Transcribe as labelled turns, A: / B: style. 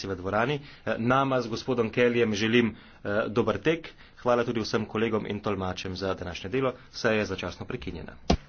A: si v dvorani. Eh, nama z gospodom Kelijem želim eh, dober tek. Hvala tudi vsem kolegom in tolmačem za današnje delo. Vse je začasno prekinjeno.